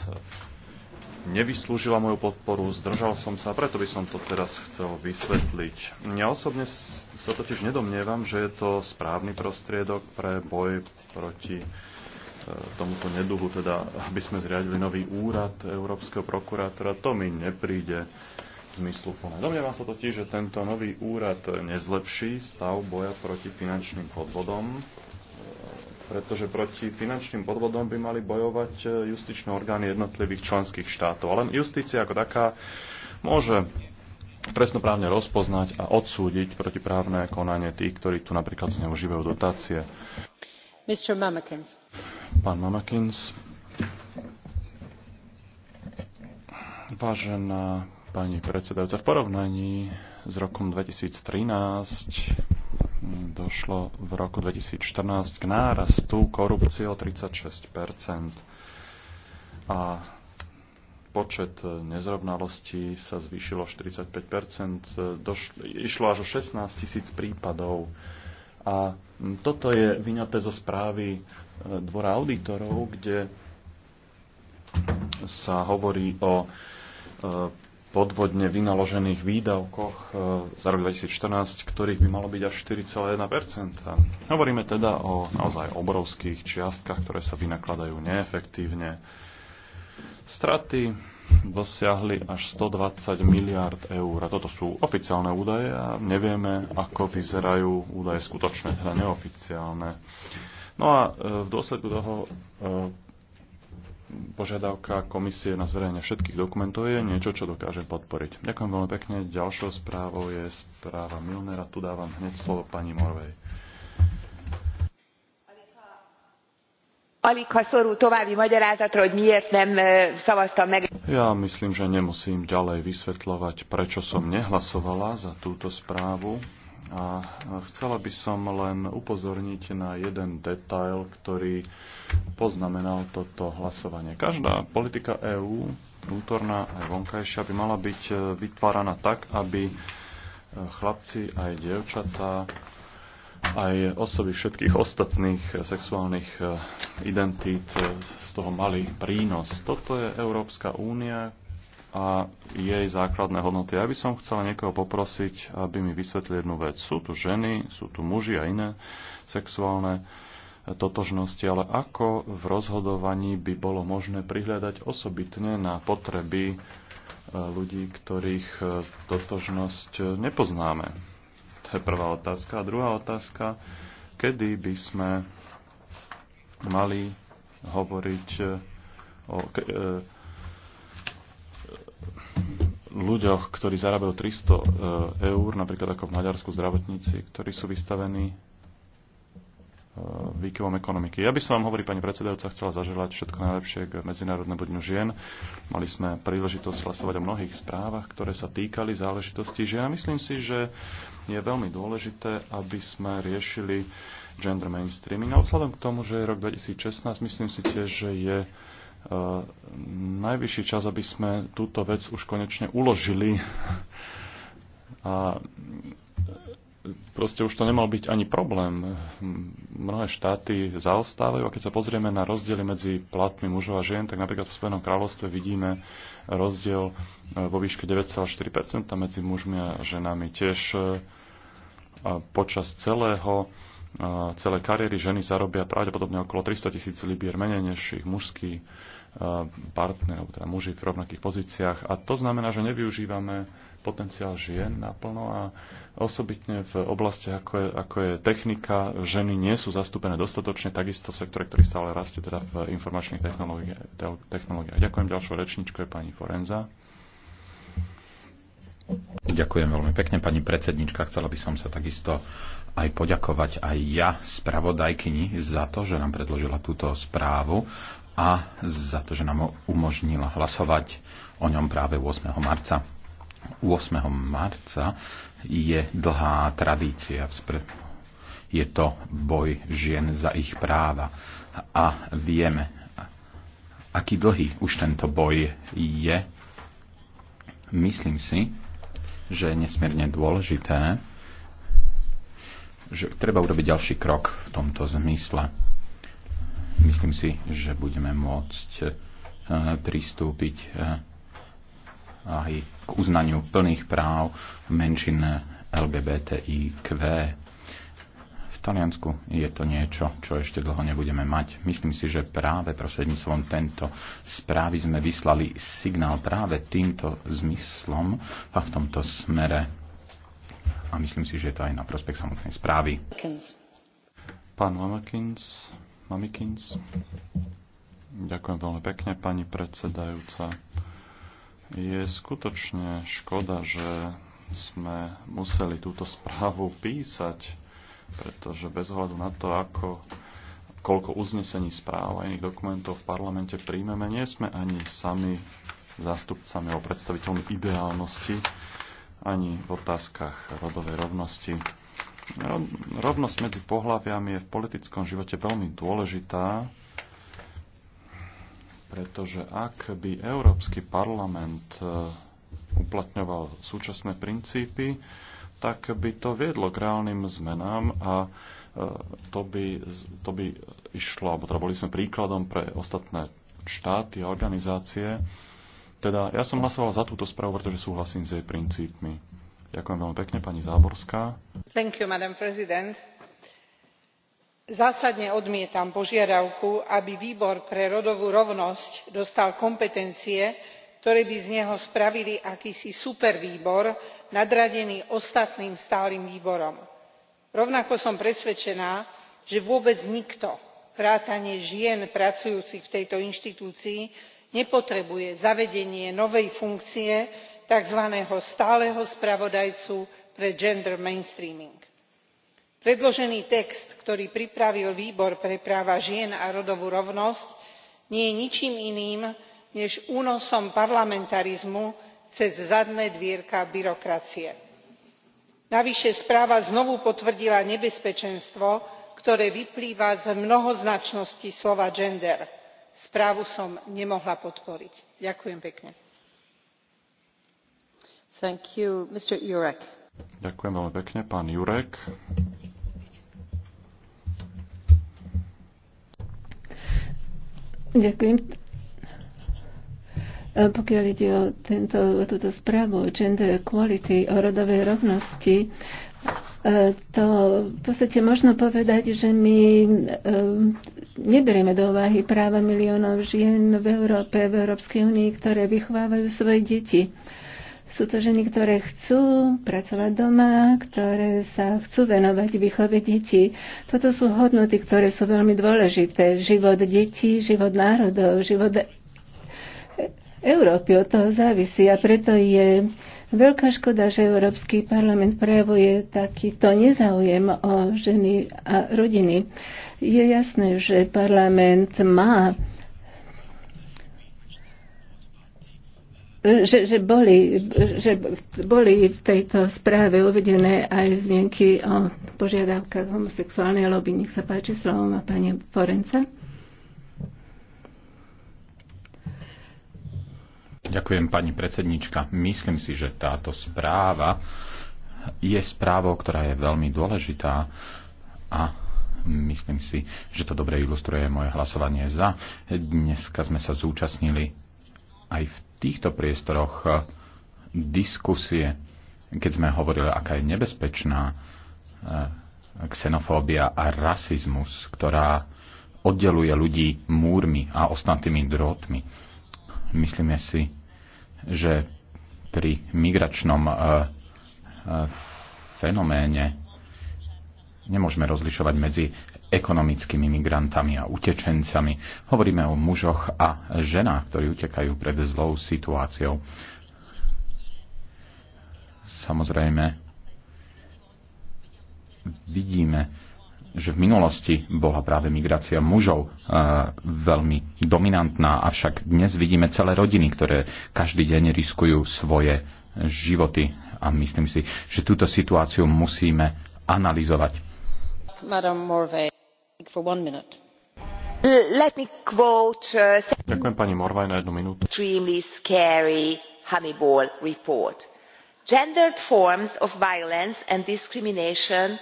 nevyslúžila moju podporu, zdržal som sa, preto by som to teraz chcel vysvetliť. Ja osobne sa totiž nedomnievam, že je to správny prostriedok pre boj proti e, tomuto neduhu, teda aby sme zriadili nový úrad Európskeho prokurátora, to mi nepríde plné. Domnievam sa totiž, že tento nový úrad nezlepší stav boja proti finančným podvodom, pretože proti finančným podvodom by mali bojovať e, justičné orgány jednotlivých členských štátov. Ale justícia ako taká môže trestnoprávne rozpoznať a odsúdiť protiprávne konanie tých, ktorí tu napríklad zneužívajú dotácie. Mr. Mamakins. Pán Mamakins. Vážená pani predsedajúca, v porovnaní s rokom 2013 došlo v roku 2014 k nárastu korupcie o 36 a počet nezrovnalostí sa zvýšilo 45 došlo, išlo až o 16 tisíc prípadov. A toto je vyňaté zo správy e, Dvora auditorov, kde sa hovorí o e, podvodne vynaložených výdavkoch e, za rok 2014, ktorých by malo byť až 4,1 Hovoríme teda o naozaj obrovských čiastkach, ktoré sa vynakladajú neefektívne. Straty dosiahli až 120 miliard eur. A toto sú oficiálne údaje a nevieme, ako vyzerajú údaje skutočné, teda neoficiálne. No a e, v dôsledku toho e, požiadavka komisie na zverejne všetkých dokumentov je niečo, čo dokážem podporiť. Ďakujem veľmi pekne. Ďalšou správou je správa Milnera. Tu dávam hneď slovo pani Morvej. Ja myslím, že nemusím ďalej vysvetľovať, prečo som nehlasovala za túto správu. A chcela by som len upozorniť na jeden detail, ktorý poznamenal toto hlasovanie. Každá politika EÚ, vnútorná aj vonkajšia, by mala byť e, vytváraná tak, aby e, chlapci aj dievčatá aj osoby všetkých ostatných e, sexuálnych identít z toho mali prínos. Toto je Európska únia, a jej základné hodnoty. Ja by som chcela niekoho poprosiť, aby mi vysvetlil jednu vec. Sú tu ženy, sú tu muži a iné sexuálne totožnosti, ale ako v rozhodovaní by bolo možné prihľadať osobitne na potreby e, ľudí, ktorých e, totožnosť nepoznáme? To je prvá otázka. A druhá otázka, kedy by sme mali hovoriť e, o, ke, ľuďoch, ktorí zarábajú 300 e, eur, napríklad ako v Maďarsku zdravotníci, ktorí sú vystavení e, výkyvom ekonomiky. Ja by som vám, hovorí pani predsedajúca, chcela zaželať všetko najlepšie k Medzinárodnému dňu žien. Mali sme príležitosť hlasovať o mnohých správach, ktoré sa týkali záležitosti žien. A myslím si, že je veľmi dôležité, aby sme riešili gender mainstreaming. A vzhľadom k tomu, že je rok 2016, myslím si tiež, že je Eh, najvyšší čas, aby sme túto vec už konečne uložili. [laughs] A eh, proste už to nemal byť ani problém. Mnohé štáty zaostávajú a keď sa pozrieme na rozdiely medzi platmi mužov a žien, tak napríklad v Spojenom kráľovstve vidíme rozdiel eh, vo výške 9,4% medzi mužmi a ženami. Tiež počas celého celej kariéry ženy zarobia pravdepodobne okolo 300 tisíc libier menej než ich mužskí e, partnerov, teda muži v rovnakých pozíciách. A to znamená, že nevyužívame potenciál žien naplno a osobitne v oblasti, ako je, ako je technika, ženy nie sú zastúpené dostatočne, takisto v sektore, ktorý stále rastie, teda v informačných technológiách. Ďakujem. Ďalšou rečničkou je pani Forenza. Ďakujem veľmi pekne, pani predsednička. Chcela by som sa takisto aj poďakovať aj ja spravodajkyni za to, že nám predložila túto správu a za to, že nám umožnila hlasovať o ňom práve 8. marca. 8. marca je dlhá tradícia. Je to boj žien za ich práva. A vieme, aký dlhý už tento boj je. Myslím si, že je nesmierne dôležité, že treba urobiť ďalší krok v tomto zmysle. Myslím si, že budeme môcť e, pristúpiť e, aj k uznaniu plných práv menšin LGBTIQ Taliansku je to niečo, čo ešte dlho nebudeme mať. Myslím si, že práve prosredníctvom tento správy sme vyslali signál práve týmto zmyslom a v tomto smere. A myslím si, že je to aj na prospekt samotnej správy. Pán Mamakins, Mamikins, ďakujem veľmi pekne, pani predsedajúca. Je skutočne škoda, že sme museli túto správu písať pretože bez ohľadu na to, ako, koľko uznesení správ a iných dokumentov v parlamente príjmeme, nie sme ani sami zástupcami alebo predstaviteľmi ideálnosti, ani v otázkach rodovej rovnosti. Rovnosť medzi pohľaviami je v politickom živote veľmi dôležitá, pretože ak by Európsky parlament e, uplatňoval súčasné princípy, tak by to viedlo k reálnym zmenám a e, to by, to by išlo, alebo teda boli sme príkladom pre ostatné štáty a organizácie. Teda ja som hlasoval za túto správu, pretože súhlasím s jej princípmi. Ďakujem veľmi pekne, pani Záborská. Thank you, madam president. Zásadne odmietam požiadavku, aby výbor pre rodovú rovnosť dostal kompetencie, ktoré by z neho spravili akýsi supervýbor nadradený ostatným stálym výborom. rovnako som presvedčená že vôbec nikto vrátane žien pracujúcich v tejto inštitúcii nepotrebuje zavedenie novej funkcie takzvaného stáleho spravodajcu pre gender mainstreaming. predložený text ktorý pripravil výbor pre práva žien a rodovú rovnosť nie je ničím iným než únosom parlamentarizmu cez zadné dvierka byrokracie. navyše správa znovu potvrdila nebezpečenstvo ktoré vyplýva z mnohoznačnosti slova gender. správu som nemohla podporiť. ďakujem pekne. E, pokiaľ ide o tento, túto správu gender equality, o rodovej rovnosti, e, to v podstate možno povedať, že my e, neberieme do úvahy práva miliónov žien v Európe, v Európskej únii, ktoré vychovávajú svoje deti. Sú to ženy, ktoré chcú pracovať doma, ktoré sa chcú venovať výchove detí. Toto sú hodnoty, ktoré sú veľmi dôležité. Život detí, život národov, život Európy, od toho závisí a preto je veľká škoda, že Európsky parlament prejavuje takýto nezáujem o ženy a rodiny. Je jasné, že parlament má že, že, boli, že boli v tejto správe uvedené aj zmienky o požiadavkách homosexuálnej lobby. Nech sa páči, slovo má pani Forenca. Ďakujem, pani predsednička. Myslím si, že táto správa je správou, ktorá je veľmi dôležitá a myslím si, že to dobre ilustruje moje hlasovanie za. Dneska sme sa zúčastnili aj v týchto priestoroch diskusie, keď sme hovorili, aká je nebezpečná eh, xenofóbia a rasizmus, ktorá oddeluje ľudí múrmi a ostatnými drôtmi. Myslíme si, že pri migračnom e, e, fenoméne nemôžeme rozlišovať medzi ekonomickými migrantami a utečencami. Hovoríme o mužoch a ženách, ktorí utekajú pred zlou situáciou. Samozrejme, vidíme, že v minulosti bola práve migrácia mužov eh, veľmi dominantná, avšak dnes vidíme celé rodiny, ktoré každý deň riskujú svoje životy a myslím si, že túto situáciu musíme analyzovať. Uh, Ďakujem pani Morvaj na jednu minútu. Extremely scary Hannibal report. Gendered forms of violence and discrimination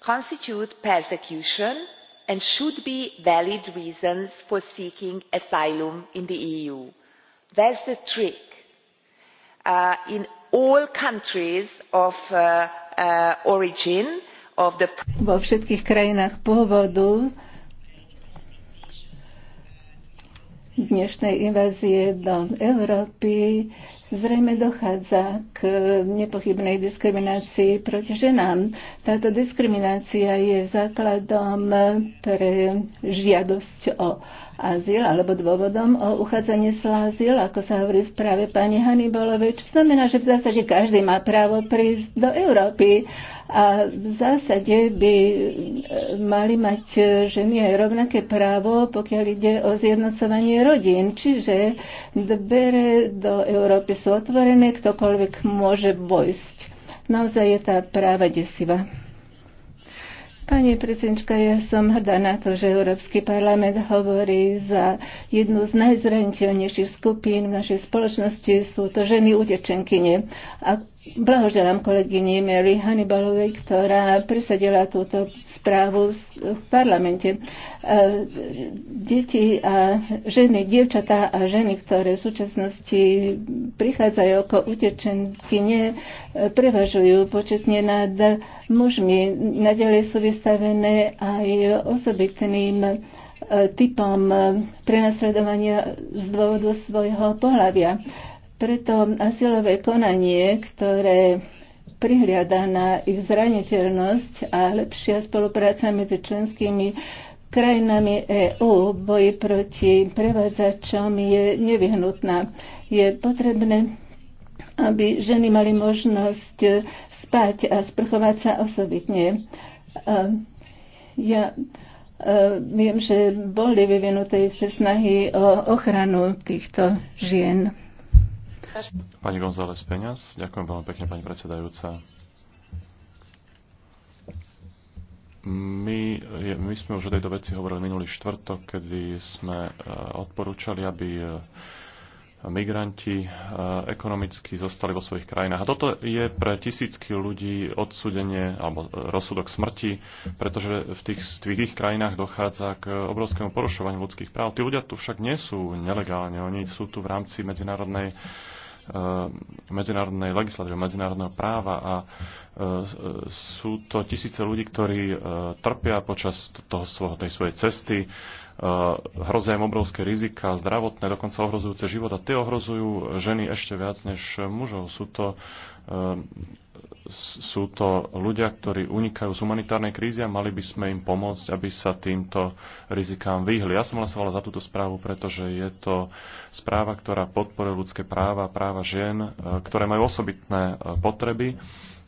constitute persecution and should be valid reasons for seeking asylum in the eu. that is the trick. Uh, in all countries of uh, uh, origin of the dnešnej invázie do Európy zrejme dochádza k nepochybnej diskriminácii proti ženám. Táto diskriminácia je základom pre žiadosť o azyl alebo dôvodom o uchádzanie sa azyl, ako sa hovorí správe pani Hanibolovej, čo znamená, že v zásade každý má právo prísť do Európy a v zásade by e, mali mať e, ženy aj rovnaké právo, pokiaľ ide o zjednocovanie rodín. Čiže dvere do Európy sú otvorené, ktokoľvek môže vojsť. Naozaj je tá práva desivá. Pani predsednička, ja som hrdá na to, že Európsky parlament hovorí za jednu z najzraniteľnejších skupín v našej spoločnosti. Sú to ženy utečenkyne. A blahoželám kolegyni Mary Hannibalovej, ktorá presadila túto správu v parlamente. E, deti a ženy, dievčatá a ženy, ktoré v súčasnosti prichádzajú ako utečenky, e, prevažujú početne nad mužmi. Naďalej sú vystavené aj osobitným e, typom prenasledovania z dôvodu svojho pohľavia. Preto asilové konanie, ktoré prihliada na ich zraniteľnosť a lepšia spolupráca medzi členskými krajinami EÚ v boji proti prevádzačom je nevyhnutná. Je potrebné, aby ženy mali možnosť spať a sprchovať sa osobitne. Ja viem, že boli vyvinuté isté snahy o ochranu týchto žien. Pani González Peňaz, ďakujem veľmi pekne, pani predsedajúca. My, my sme už o tejto veci hovorili minulý štvrtok, kedy sme e, odporúčali, aby e, migranti e, ekonomicky zostali vo svojich krajinách. A toto je pre tisícky ľudí odsudenie alebo rozsudok smrti, pretože v tých, v tých krajinách dochádza k obrovskému porušovaniu ľudských práv. Tí ľudia tu však nie sú nelegálne, oni sú tu v rámci medzinárodnej Eh, medzinárodnej legislatívy, medzinárodného práva a eh, sú to tisíce ľudí, ktorí eh, trpia počas toho, tej svojej cesty, hrozia im obrovské rizika, zdravotné, dokonca ohrozujúce život a tie ohrozujú ženy ešte viac než mužov. Sú to Ehm, sú to ľudia, ktorí unikajú z humanitárnej krízy a mali by sme im pomôcť, aby sa týmto rizikám vyhli. Ja som hlasovala za túto správu, pretože je to správa, ktorá podporuje ľudské práva, práva žien, e, ktoré majú osobitné e, potreby.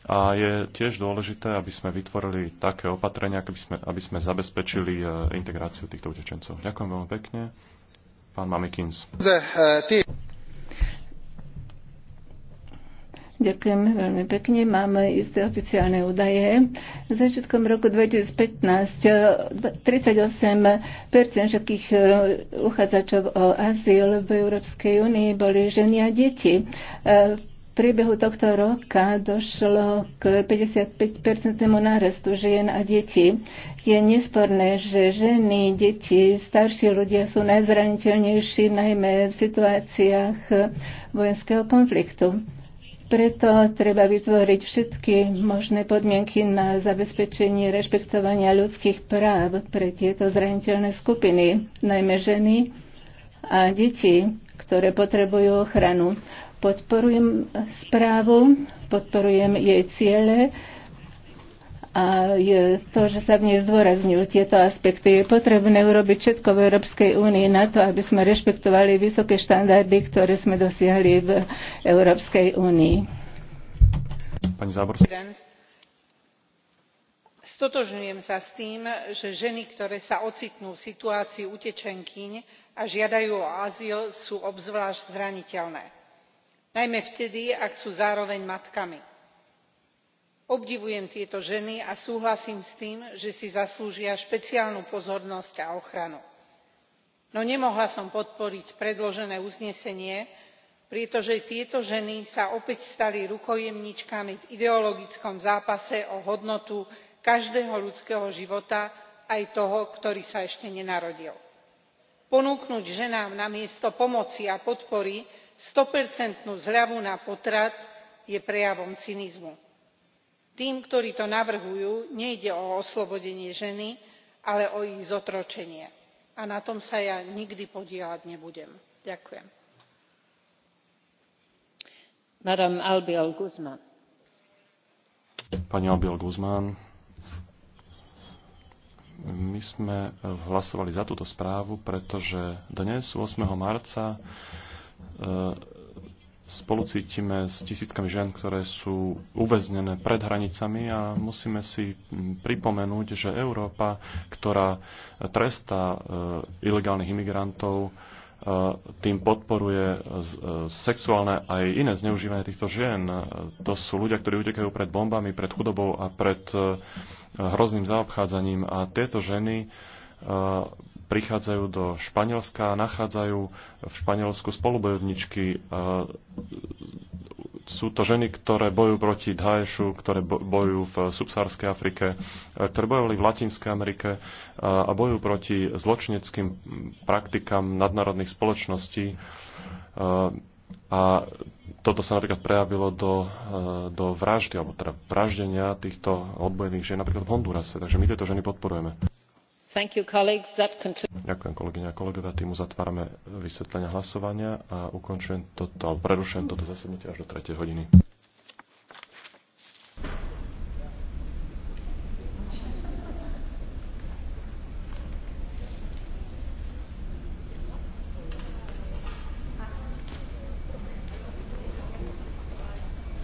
A je tiež dôležité, aby sme vytvorili také opatrenia, aby sme, aby sme zabezpečili e, integráciu týchto utečencov. Ďakujem veľmi pekne. Pán Mamikins. Ďakujem veľmi pekne. Máme isté oficiálne údaje. Začiatkom roku 2015 38 všetkých e, uchádzačov o azyl v Európskej únii boli ženy a deti. E, v priebehu tohto roka došlo k 55-percentnému nárastu žien a detí. Je nesporné, že ženy, deti, starší ľudia sú najzraniteľnejší najmä v situáciách e, vojenského konfliktu. Preto treba vytvoriť všetky možné podmienky na zabezpečenie rešpektovania ľudských práv pre tieto zraniteľné skupiny, najmä ženy a deti, ktoré potrebujú ochranu. Podporujem správu, podporujem jej ciele, a to, že sa v nej zdôrazňujú tieto aspekty. Je potrebné urobiť všetko v Európskej únii na to, aby sme rešpektovali vysoké štandardy, ktoré sme dosiahli v Európskej únii. Pani Záborská. Stotožňujem sa s tým, že ženy, ktoré sa ocitnú v situácii utečenkyň a žiadajú o azyl, sú obzvlášť zraniteľné. Najmä vtedy, ak sú zároveň matkami obdivujem tieto ženy a súhlasím s tým že si zaslúžia špeciálnu pozornosť a ochranu. no nemohla som podporiť predložené uznesenie pretože tieto ženy sa opäť stali rukojemníčkami v ideologickom zápase o hodnotu každého ľudského života aj toho ktorý sa ešte nenarodil. ponúknuť ženám namiesto pomoci a podpory hundred zľavu na potrat je prejavom cynizmu tým ktorí to navrhujú nejde o oslobodenie ženy ale o ich zotročenie a na tom sa ja nikdy podieľať nebudem. ďakujem. pani albiol guzmán my sme hlasovali za túto správu pretože dnes. eight marca e, spolucítime s tisíckami žen, ktoré sú uväznené pred hranicami a musíme si pripomenúť, že Európa, ktorá trestá e, ilegálnych imigrantov, e, tým podporuje e, sexuálne aj iné zneužívanie týchto žien. To sú ľudia, ktorí utekajú pred bombami, pred chudobou a pred hrozným zaobchádzaním. A tieto ženy prichádzajú do Španielska a nachádzajú v Španielsku spolubojovničky. E, sú to ženy, ktoré bojujú proti Daešu, ktoré bojujú v subsárskej Afrike, e, ktoré bojovali v Latinskej Amerike e, a bojujú proti zločineckým praktikám nadnárodných spoločností. A toto sa napríklad prejavilo do, do vraždy, alebo teda vraždenia týchto odbojených žien napríklad v Hondurase. Takže my tieto ženy podporujeme. Ďakujem kolegyne a kolegovia, tým uzatvárame vysvetlenia hlasovania a ukončujem toto, prerušujem toto zasadnutie až do tretej hodiny.